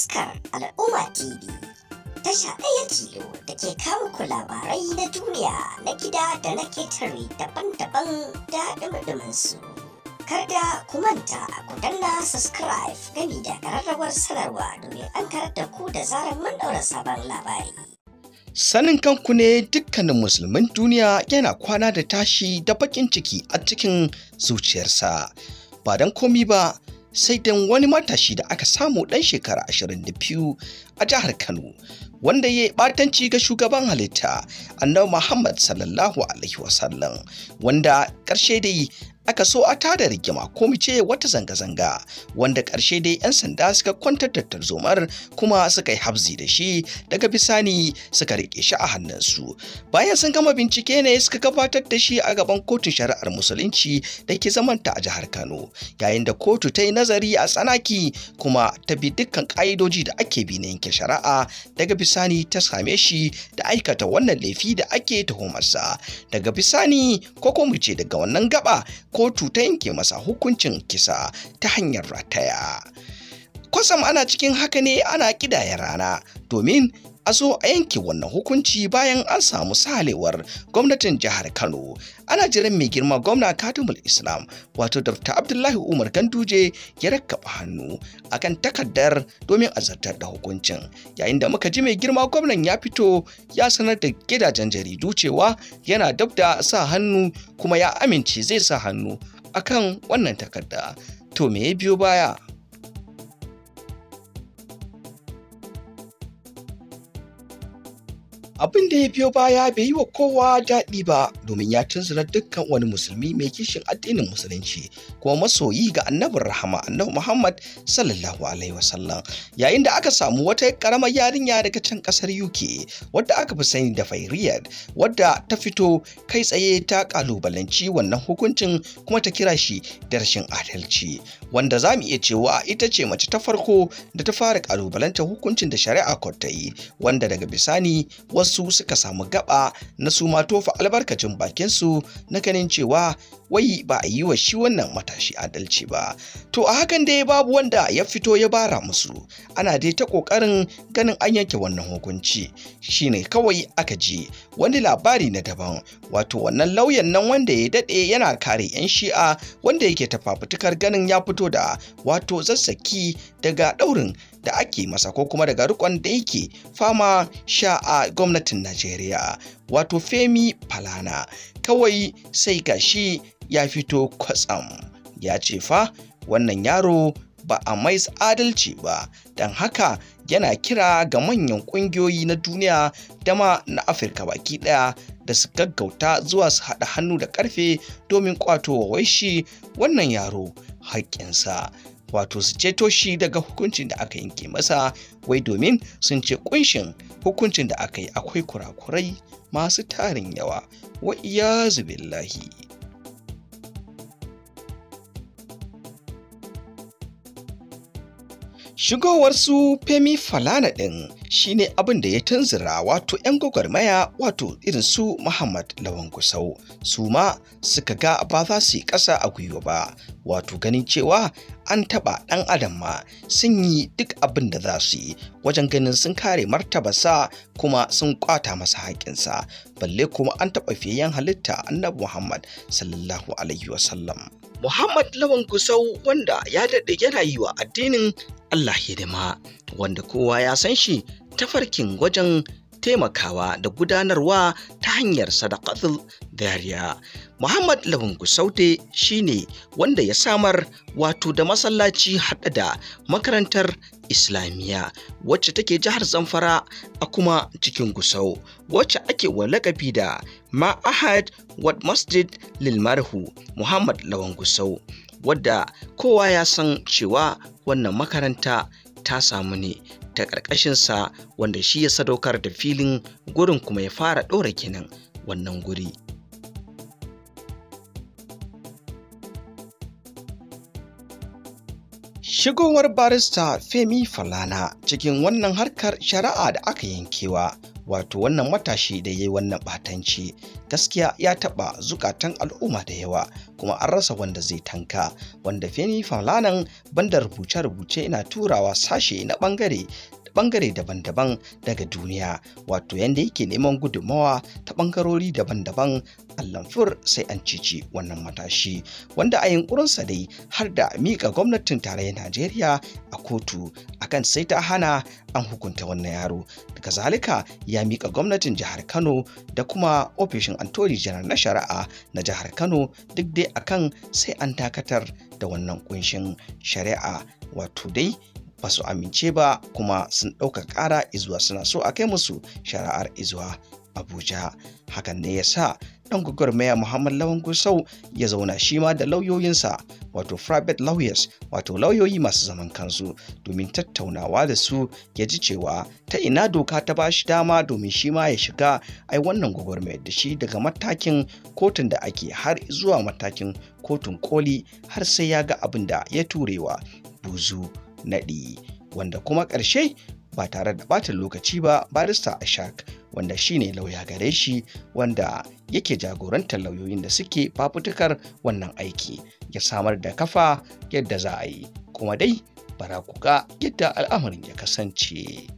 taskar al'umma tv tasha ɗaya tilo da ke kawo ku labarai na duniya na gida da na ketare daban-daban da ɗumɗumin su kada ku manta a ku danna subscribe gani da ƙararrawar sanarwa domin an karar da ku da zarar mun ɗaura sabon labari Sanin kanku ne dukkanin musulmin duniya yana kwana da tashi da bakin ciki a cikin zuciyarsa ba don komi ba sai dan wani matashi da aka samu ɗan shekara 22 a jihar Kano wanda ya yi ɓatanci ga shugaban halitta annabi Muhammad sallallahu alaihi wasallam wanda ƙarshe dai aka so a tada rigima ko mu ce wata zanga-zanga wanda ƙarshe dai 'yan sanda suka kwantar da tarzomar kuma suka yi habzi da shi daga bisani suka riƙe shi a hannunsu bayan sun gama bincike ne suka gabatar da shi a gaban kotun shari'ar musulunci da ke zamanta a jihar kano yayin da kotu ta yi nazari a tsanaki kuma ta bi dukkan ƙa'idoji da ake bi na yanke shari'a daga bisani ta same shi da aikata wannan laifi da ake tuhumarsa daga bisani ko ko mu ce daga wannan gaba kotu ta yanke masa hukuncin kisa ta hanyar rataya. Kwasam ana cikin haka ne ana ƙidaya rana domin a zo a yanke wannan hukunci bayan an samu salewar gwamnatin jihar Kano. Ana jiran mai girma gwamna katumul Islam wato Dr. Abdullahi Umar Ganduje ya rakaba hannu akan takardar domin a zartar da hukuncin. Yayin da muka ji mai girma gwamnan ya fito ya sanar da gidajen jaridu cewa yana dab da sa hannu kuma ya amince zai sa hannu akan wannan takarda. To me ya biyo baya? abin da ya biyo baya bai yi wa kowa daɗi ba domin ya tunzura dukkan wani musulmi mai kishin addinin musulunci kuma masoyi ga annabin rahama annabi muhammad sallallahu alaihi wasallam yayin da aka samu wata karamar yarinya daga can kasar uk wadda aka fi sani da fairiyad wadda ta fito kai tsaye ta kalubalanci wannan hukuncin kuma ta kira shi da rashin adalci wanda za mu iya cewa ita ce mace ta farko da ta fara kalubalanta hukuncin da shari'a kwata yi wanda daga bisani wasu su suka samu gaba na su tofa albarkacin bakinsu na ganin cewa wai ba a yi wa shi wannan matashi adalci ba to a hakan dai babu wanda ya fito ya bara musu ana dai ta kokarin ganin an yanke wannan hukunci shine kawai aka ji, wani labari na daban wato wannan lauyan nan wanda ya dade yana kare yan shi'a wanda yake ta fafutukar ganin ya fito da wato zazzaki daga ɗaurin. da ake masa ko kuma daga rikon da yake fama sha a gwamnatin najeriya wato femi falana kawai sai gashi ya fito kwatsam ya ce fa wannan yaro ba a mai adalci ba don haka yana kira ga manyan ƙungiyoyi na duniya da ma na afirka baki ɗaya da su gaggauta zuwa su haɗa hannu da ƙarfe domin ƙwato wa shi wannan yaro haƙƙinsa wato su ceto shi daga hukuncin da aka yanke masa wai domin sun ce kunshin hukuncin da aka yi akwai kurakurai masu tarin yawa wa iyazu billahi shigowar su femi falana ɗin Shi ne abin da ya tunzura wato 'yan gwagwarmaya wato irin su Muhammad Lawan Gusau su ma suka ga ba za su yi ƙasa a gwiwa ba wato ganin cewa an taɓa ɗan adam ma sun yi duk abin da za su yi wajen ganin sun kare martabarsa kuma sun kwata masa haƙinsa balle kuma an taɓa fiyayyen halitta annabi Muhammad sallallahu alaihi wasallam. Muhammad Lawan Gusau wanda ya daɗe yana yi wa addinin Allah hidima wanda kowa ya san shi tafarkin wajen taimakawa da gudanarwa ta hanyar sadaqatul dariya muhammad labungu saute shine wanda ya samar wato da masallaci haɗa da makarantar islamiyya wacce take jihar zamfara a kuma cikin gusau wacce ake wa laƙabi da ma'ahad wat masjid lil muhammad lawan gusau wadda kowa ya san cewa wannan makaranta ta samu ne ta ƙarƙashinsa wanda shi ya sadaukar da filin gurin kuma ya fara ɗora kenan wannan guri. Shigowar barista Femi Falana cikin wannan harkar shari'a da aka yankewa wato wannan matashi da ya yi wannan batanci gaskiya ya taɓa zukatan al'umma da yawa kuma an rasa wanda zai tanka wanda feni falanan banda rubuce-rubuce ina turawa sashe na bangare bangare daban-daban daga duniya wato yadda yake neman gudummawa ta bangarori daban-daban allamfur sai an cici wannan matashi wanda a yunkurinsa dai har da mika gwamnatin tarayyar najeriya a kotu akan sai ta hana an hukunta wannan yaro kazalika ya mika gwamnatin jihar kano da kuma ofishin antoni janar na shari'a na jihar kano duk dai akan sai an dakatar da wannan kunshin shari'a wato dai ba su amince ba kuma sun ɗauka ƙara izuwa suna so a kai musu shari'ar izuwa abuja hakan ne ya sa ɗan gwagwarmaya muhammad lawan gusau ya zauna shi ma da lauyoyinsa wato private lawyers wato lauyoyi masu zaman kansu domin tattaunawa da su ya ji cewa ta ina doka ta ba shi dama domin shi ma ya shiga ai wannan gwagwarmayar da shi daga matakin kotun da ake har zuwa matakin kotun koli har sai ya ga abin da ya turewa buzu naɗi wanda kuma ƙarshe ba tare da ɓata lokaci ba barista ashak wanda shine lauya gare shi wanda yake jagorantar lauyoyin da suke fafutukar wannan aiki ya samar da kafa yadda za a yi kuma dai bara ku ga yadda al'amarin ya kasance.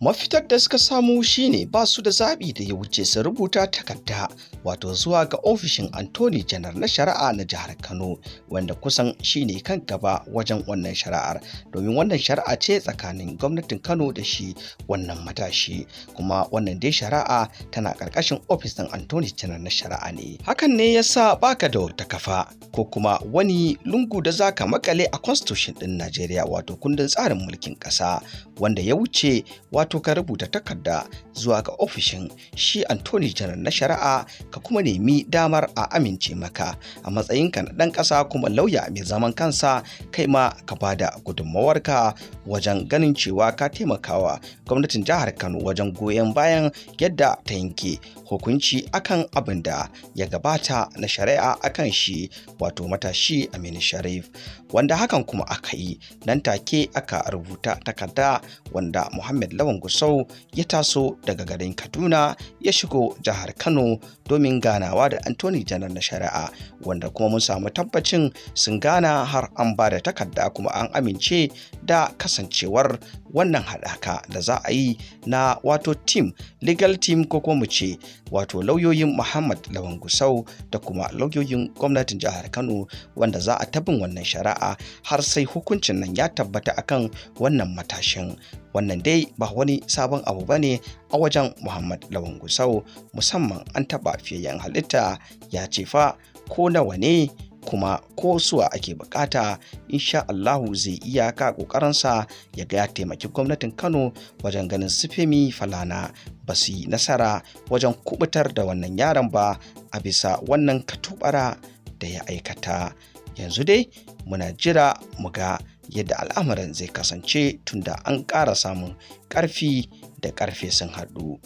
mafitar da suka samu shine ba su da zaɓi da ya wuce su rubuta takarda wato zuwa ga ofishin Anthony janar na shari'a na jihar Kano wanda kusan shine kan gaba wajen wannan shari'ar domin wannan shari'a ce tsakanin gwamnatin Kano da shi wannan matashi kuma wannan dai shari'a tana ƙarƙashin ofishin Anthony janar na shari'a ne hakan ne yasa baka da wata kafa ko kuma wani lungu da zaka makale a constitution din Najeriya wato kundin tsarin mulkin ƙasa wanda ya wuce wato to ka rubuta takarda zuwa ga ofishin shi Anthony Janar na shari'a ka kuma nemi damar a amince maka a matsayinka na ɗan ƙasa kuma lauya mai zaman kansa kai ma ka bada gudunmawarka wajen ganin cewa ka taimakawa gwamnatin jihar Kano wajen goyon bayan yadda ta yanke hukunci akan abin da ya gabata na shari'a akan shi wato matashi Aminu Sharif wanda hakan kuma aka yi nan take aka rubuta takarda wanda Muhammad Lawan Gusau ya taso daga garin Kaduna ya shigo jihar Kano domin ganawa da Anthony Janar na shari'a wanda kuma mun samu tabbacin sun gana har an ba da takarda kuma an amince da kasancewar wannan haɗaka da za a yi na wato team legal team ko kuma mu ce wato lauyoyin Muhammad Lawan Gusau da kuma lauyoyin gwamnatin jihar Kano wanda za a tabin wannan shari'a har sai hukuncin nan ya tabbata akan wannan matashin wannan dai ba wani sabon abu bane a wajen Muhammad Lawan Gusau musamman an taba lafiyayyen halitta ya ce fa ko nawa ne kuma ko suwa ake bukata insha Allahu zai iya ka kokarinsa ya ga taimaki gwamnatin Kano wajen ganin sufemi falana ba su yi nasara wajen kubutar da wannan yaron ba a bisa wannan katubara da ya aikata yanzu dai muna jira mu ga yadda al'amarin zai kasance tunda an ƙara samun ƙarfi da ƙarfe sun haɗu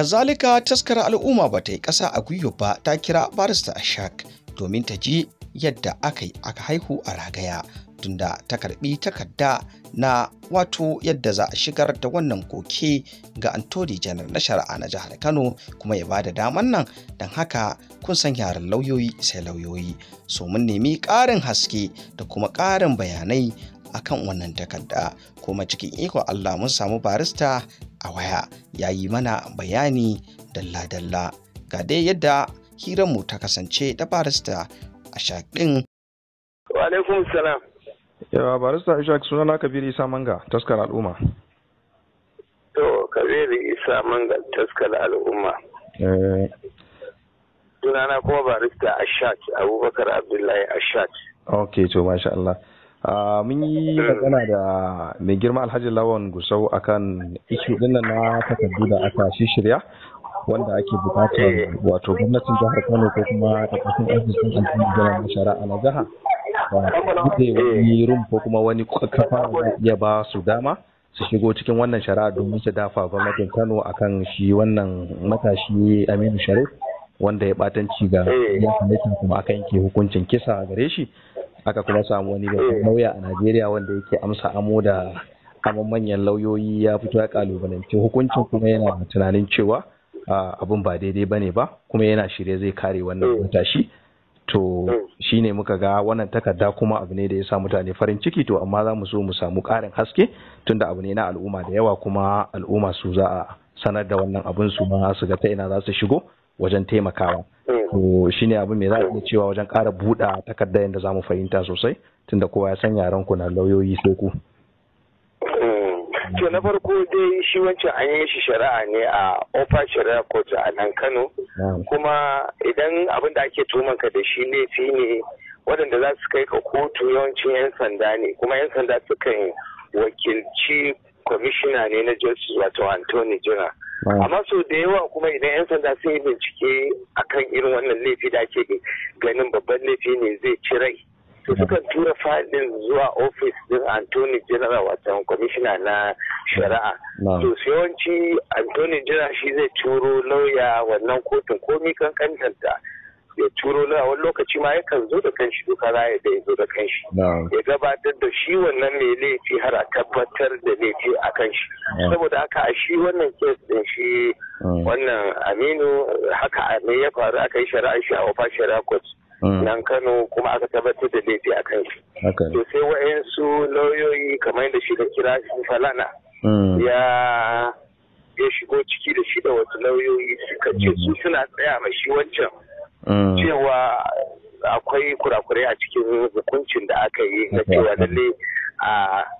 kazalika taskar al'umma ba ta yi ƙasa a gwiwa ba ta kira barista ashak domin ta ji yadda aka yi aka haihu a ragaya tunda ta karbi takarda na wato yadda za a shigar da wannan koke ga antoni janar na shari'a na jihar kano kuma ya bada daman nan don haka kun san yaran lauyoyi sai lauyoyi so mun nemi ƙarin haske da kuma ƙarin bayanai akan wannan takarda kuma cikin iko allah mun samu barista a waya ya yi mana bayani dalla-dalla ga dai yadda hiranmu ta kasance da barista a shaɗin. Wa alaikum salam. Yawa barista Ishaq suna na Kabiru Isa Manga taskar al'umma. To Kabiru Isa Manga taskar al'umma. Eh. Sunana kuma barista Ashaq Abubakar Abdullahi Ashaq. Ok to masha Allah. Ah, mun yi magana da mai girma alhaji lawan gusau akan ishu dinnan na takardu da aka shirya wanda ake bukatar wato gwamnatin jihar kano ko kuma karkashin ofishin alhaji jiran shari'a na jiha ba wani rum ko kuma wani kafa ya ba su dama su shigo cikin wannan shari'a domin su dafa gwamnatin kano akan shi wannan matashi aminu sharif wanda ya batanci ga eh. yankin kuma aka yanke hukuncin kisa gare shi aka kuma samu wani babban eh. lauya a Najeriya wanda yake amsa amo da kamar manyan lauyoyi ya fito ya kalubalanci hukuncin kuma yana tunanin cewa abin ba daidai bane ba kuma yana shirye zai kare wannan eh. matashi to eh. ne muka ga wannan takarda kuma abu ne da ya sa mutane farin ciki to amma za mu so mu samu karin haske tunda abu ne na al'umma da yawa kuma al'umma su za a sanar da wannan abin su ma su ga ta ina za su shigo wajen taimakawa to ne abin me za a cewa wajen ƙara buɗa takardar yadda za mu fahimta sosai tunda kowa ya san yaran ku na lauyoyi sai ku to na farko dai shi wancan an yi shi shari'a ne a ofa shari'a court a nan kano kuma idan abin da ake ka da shi laifi ne waɗanda za su kai ka kotu yawancin 'yan sanda ne kuma 'yan sanda sukan wakilci kwamishina ne na justice wato antony juna amma so da yawa kuma idan yan sanda sun yi bincike akan irin wannan laifi da ake ganin babban laifi ne zai ci rai to sukan tura fadin zuwa ofis din antony general watan kwamishina na shari'a to yawanci antony general shi zai turo lauya wannan kotun komi kantanta ya turo na wani lokaci ma yakan zo da kanshi duka raya da ya zo da kanshi ya gabatar da shi wannan mai laifi har a tabbatar da laifi a kanshi saboda haka a shi wannan kes din shi mm. wannan aminu haka a ne ya faru aka yi shari'a shi a wafa shari'a court mm. nan Kano kuma aka tabbatar da laifi a kanshi to sai wa'ansu lauyoyi kamar yadda shi da kira shi falana mm. ya ya shigo ciki da shi da wasu lauyoyi suka ce su suna tsaya ma shi wancan Mm. cewa akwai kurakurai a cikin hukuncin da aka yi na cewa lalle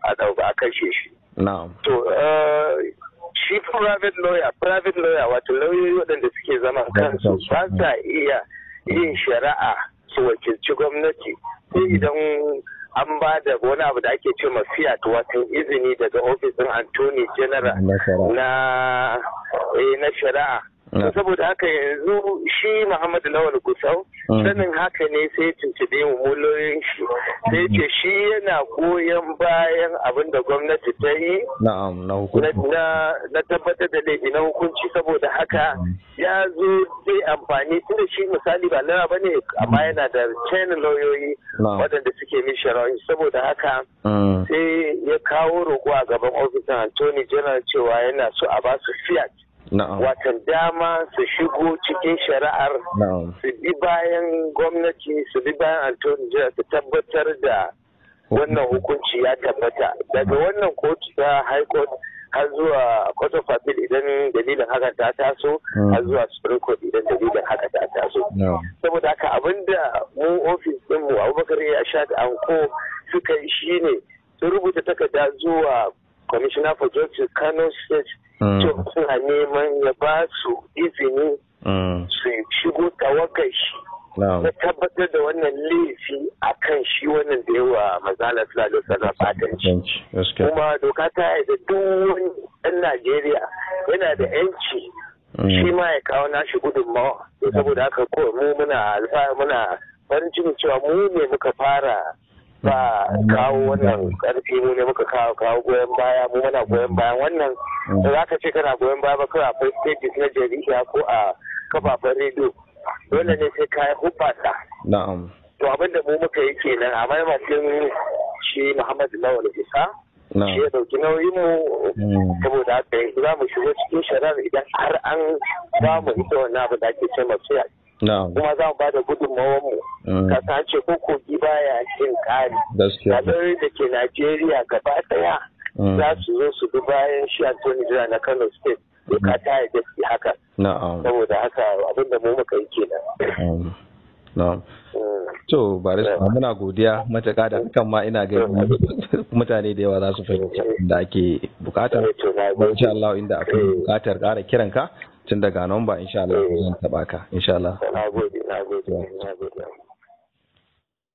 a ɗauka a kashe shi. To eh, shi private lawyer private lawyer wato lauyoyi waɗanda suke zama kansu ba sa iya yin shari'a su wakilci gwamnati sai mm. idan an ba da wani abu da ake ce ma fiat wato izini daga ofisin Antony general na shari'a eh, saboda haka yanzu shi Muhammadu Lawal Gusau mm. sanin haka ne sai ya tuntube mu muloyin shi sai ce shi yana goyon bayan abin da gwamnati ta yi na tabbatar da laifi na hukunci saboda haka ya zo zai amfani tunda shi misali ba lara ba ne amma yana da chain lauyoyi waɗanda suke min shara'i saboda haka mm. sai ya kawo roƙo a gaban ofisin Anthony General cewa yana so a ba su fiat watan dama su shigo cikin shari'ar su bi bayan gwamnati su bi bayan antoni su tabbatar da wannan hukunci ya tabbata daga wannan kotu ta high court har zuwa court of appeal idan dalilin haka ta taso hmm. har zuwa supreme court idan dalilin haka ta taso saboda haka abinda mu ofis mu abubakar ya sha da anko suka yi shine sun rubuta takarda zuwa commissioner for justice kano state Mm. to suna neman ya ba su izini mm. su shigo tawakan shi na tabbatar da wannan laifi a kan shi wannan da yawa mazalar sulalar alaihi fatanci kuma doka ta yi da duwun ɗan Najeriya yana da yanci mm. shi ma ya kawo nashi gudunmawa saboda aka ko mu muna alfa muna farin cikin cewa mu ne muka fara ba kawo wannan karfi mu ne muka kawo kawo goyon baya mu muna goyon bayan wannan da za ka ce kana goyon baya ba kawai akwai stages na jarida ko a kafafen rediyo dole ne sai kayan hubbasa na'am to abinda mu muka yi kenan amma yammacin shi muhammadu lawal isa shi ya dauki nauyin mu hmm. saboda haka yanzu za mu shigo cikin shari'ar idan har an ba mu ita wannan abu da ake ce masu kuma za mu ba da gudunmawar mu mm. ka sace ko kogi baya cin kari gaskiya da ke Najeriya gaba daya mm. za su zo su bi bayan shi Anthony Jira na Kano State doka ta yi da fi haka saboda haka abinda mu muka yi kenan na'am mm. to su muna godiya matuƙa da hakan ma ina ga mutane da yawa za su fahimci da ake bukata eh, insha Allah inda akwai eh. bukatar ƙara kiranka tun daga nan ba insha Allah zan taba ka insha Allah na gode na gode na gode